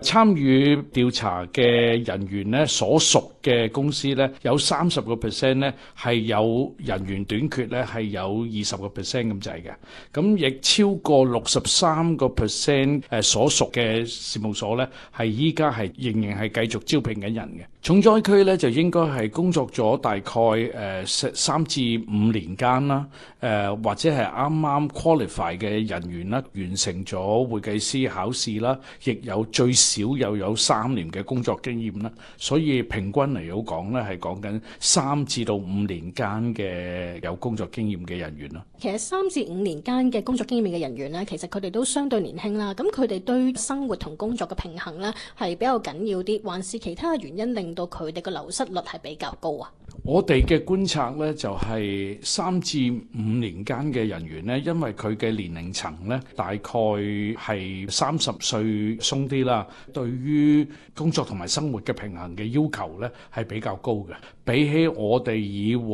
參與調查嘅人員咧，所屬嘅公司咧，有三十個 percent 咧係有人員短缺咧，係有二十個 percent 咁滯嘅。咁亦超過六十三個 percent 誒所屬嘅事務所咧，係依家係仍然係繼續招聘緊人嘅。重災區呢，就應該係工作咗大概誒三至五年間啦，誒、呃、或者係啱啱 qualify 令到佢哋嘅流失率係比較高啊！我哋嘅觀察咧，就係三至五年間嘅人員咧，因為佢嘅年齡層咧，大概係三十歲鬆啲啦。對於工作同埋生活嘅平衡嘅要求咧，係比較高嘅。比起我哋以往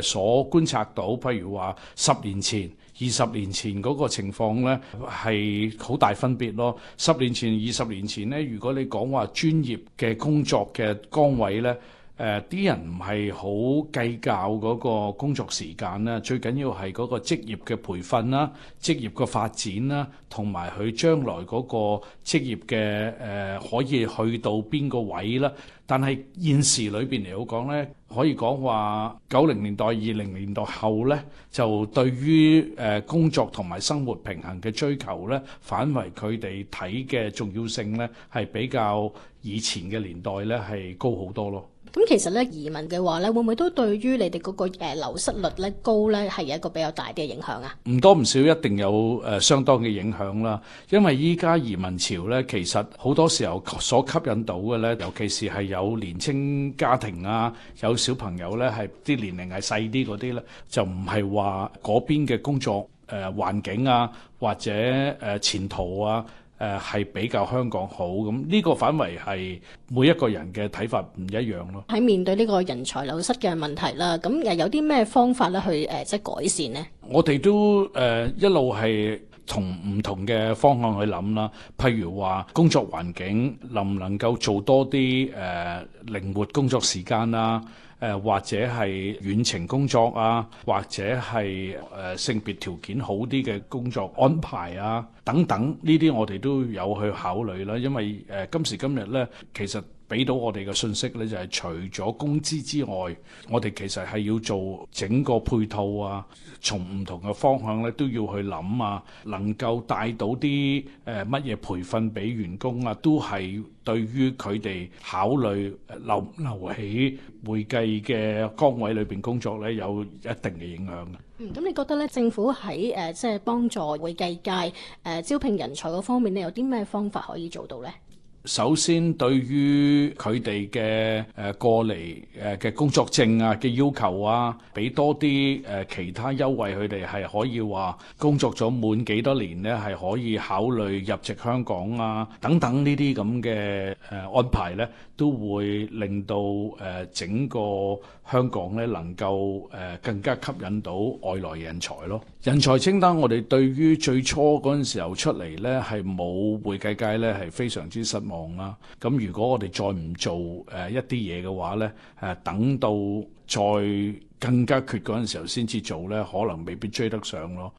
誒所觀察到，譬如話十年前。二十年前嗰個情況呢，係好大分別咯。十年前、二十年前呢，如果你講話專業嘅工作嘅崗位呢。誒、呃、啲人唔係好計較嗰個工作時間啦，最緊要係嗰個職業嘅培訓啦、職業嘅發展啦，同埋佢將來嗰個職業嘅誒、呃、可以去到邊個位啦。但係現時裏面嚟講咧，可以講話九零年代、二零年代後咧，就對於誒工作同埋生活平衡嘅追求咧，反為佢哋睇嘅重要性咧，係比較以前嘅年代咧係高好多咯。咁其實咧移民嘅話咧，會唔會都對於你哋嗰個誒流失率咧高咧係一個比較大嘅影響啊？唔多唔少一定有誒相當嘅影響啦。因為依家移民潮咧，其實好多時候所吸引到嘅咧，尤其是係有年青家庭啊，有小朋友咧，係啲年齡係細啲嗰啲咧，就唔係話嗰邊嘅工作誒環境啊，或者誒前途啊。誒係比較香港好咁，呢個反為係每一個人嘅睇法唔一樣咯。喺面對呢個人才流失嘅問題啦，咁又有啲咩方法咧去、呃、即係改善呢？我哋都誒、呃、一路係。同唔同嘅方向去諗啦，譬如話工作環境能唔能夠做多啲誒靈活工作時間啊，誒、呃、或者係遠程工作啊，或者係誒、呃、性別條件好啲嘅工作安排啊等等，呢啲我哋都有去考慮啦，因為誒、呃、今時今日咧其實。俾到我哋嘅信息咧，就係除咗工資之外，我哋其實係要做整個配套啊，從唔同嘅方向咧都要去諗啊，能夠帶到啲誒乜嘢培訓俾員工啊，都係對於佢哋考慮留留喺會計嘅崗位裏面工作咧，有一定嘅影響嘅。嗯，咁你覺得咧，政府喺誒即係幫助會計界誒、呃、招聘人才嗰方面咧，你有啲咩方法可以做到咧？首先，對於佢哋嘅誒過嚟誒嘅工作證啊嘅要求啊，俾多啲誒其他優惠，佢哋係可以話工作咗滿幾多年咧，係可以考慮入籍香港啊等等呢啲咁嘅誒安排咧，都會令到誒整個香港咧能夠誒更加吸引到外來人才咯。人才清單，我哋對於最初嗰陣時候出嚟咧係冇會計界咧係非常之失望。望啦，咁如果我哋再唔做誒一啲嘢嘅話咧，誒等到再更加缺嗰陣時候先至做咧，可能未必追得上咯。